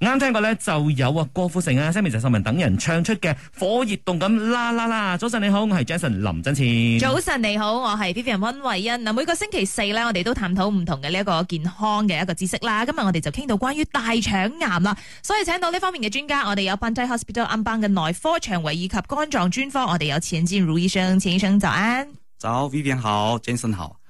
啱聽過咧，就有啊郭富城啊、Sammi、鄭秀文等人唱出嘅火熱動感啦啦啦！早晨你好，我係 Jason 林振前。早晨你好，我係 Vivian 溫慧欣。嗱，每個星期四咧，我哋都探討唔同嘅呢一個健康嘅一個知識啦。今日我哋就傾到關於大腸癌啦，所以請到呢方面嘅專家，我哋有 Bandai Hospital 暗邦嘅內科腸胃以及肝臟專科，我哋有錢建儒醫生，錢醫生就安。早，Vivian 好，Jason 好。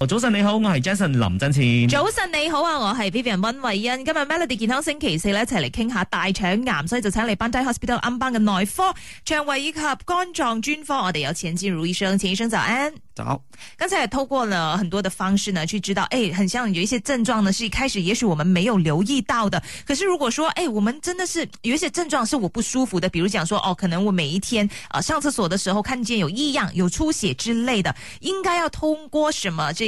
哦、早晨你好，我係 Jason 林振前。早晨你好啊，我係 Vivian 温慧欣。今日 Melody 健康星期四咧，一齊嚟傾下大腸癌，所以就請嚟班低 hospital 安邦嘅內科、腸胃以及肝臟專科。我哋有錢進如醫生，錢醫生早安。早，剛才也透過了很多的方式呢，去知道，誒、哎，很像有一些症狀呢，是一開始，也許我們沒有留意到的。可是如果說，誒、哎，我們真的是有一些症狀是我不舒服的，比如講說，哦，可能我每一天啊、呃、上廁所的時候，看見有異樣、有出血之類的，應該要通過什麼這？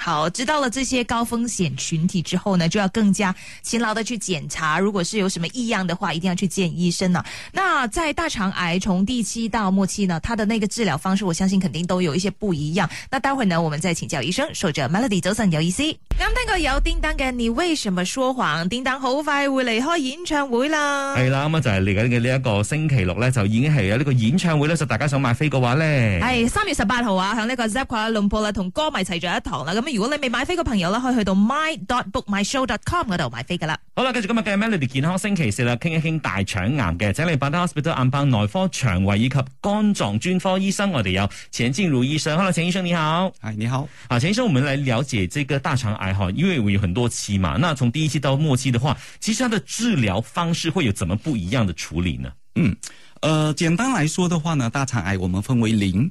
好，知道了這些高風險群體之後呢，就要更加勤勞的去檢查。如果是有什麼異樣的話，一定要去見醫生了。那在大腸癌從早期到末期呢，它的那個治療方式，我相信肯定都有一些不一樣。那待會呢，我們再請教醫生。守者 Melody 走 o 有意思。o、嗯、咁聽過有叮當嘅，你為什麼說謊？叮當好快會離開演唱會啦。係啦，咁啊就係嚟緊嘅呢一個星期六呢，就已經係有呢個演唱會呢就大家想買飛嘅話呢，係、哎、三月十八號啊，響呢個 Zepp Kuala Lumpur 啦，同歌迷齊聚一堂啦。咁。如果你未買飛嘅朋友呢，可以去到 my dot bookmyshow dot com 嗰度買飛噶啦。好啦，繼續今日嘅 Melody 健康星期四啦，傾一傾大腸癌嘅，請嚟百德 hospital 癌病內科腸、腸胃以及肝臟專科醫生，我哋有錢靜如醫生。Hello，錢醫生你好，係你好。啊，錢醫生，我們嚟了解這個大腸癌哈，因為我有很多期嘛，那從第一期到末期的話，其實佢嘅治療方式會有怎麼不一樣的處理呢？嗯，誒、呃，簡單來說嘅話呢，大腸癌我們分為零。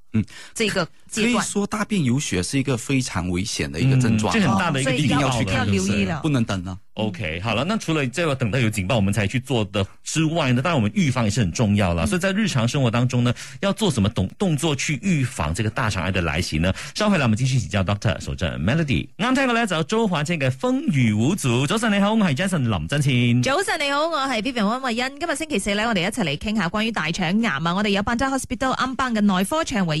嗯，這個可以說大便有血是一個非常危險的一個症狀，嗯、這很大的一個一定、哦、要，要去、就是、要留意了，就是、不能等啦。OK，好了，那除了這個等到有警報我們才去做的之外呢，當然我們預防也是很重要啦、嗯。所以在日常生活當中呢，要做什麼動動作去預防這個大腸癌的來襲呢？稍後我們繼續請教 doctor 蘇澤 Melody，啱、嗯、聽嘅呢就周華健嘅風雨無阻。早晨你好，我係 Jason 林振清。早晨你好，我係 Vivian 溫慧欣。今日星期四呢，我哋一齊嚟傾下關於大腸癌啊。我哋有辦 a Hospital 安班的嘅內科腸胃。